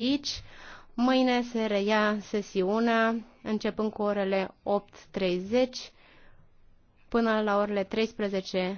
aici. Mâine se reia sesiunea, începând cu orele 8.30 până la orele 13.30.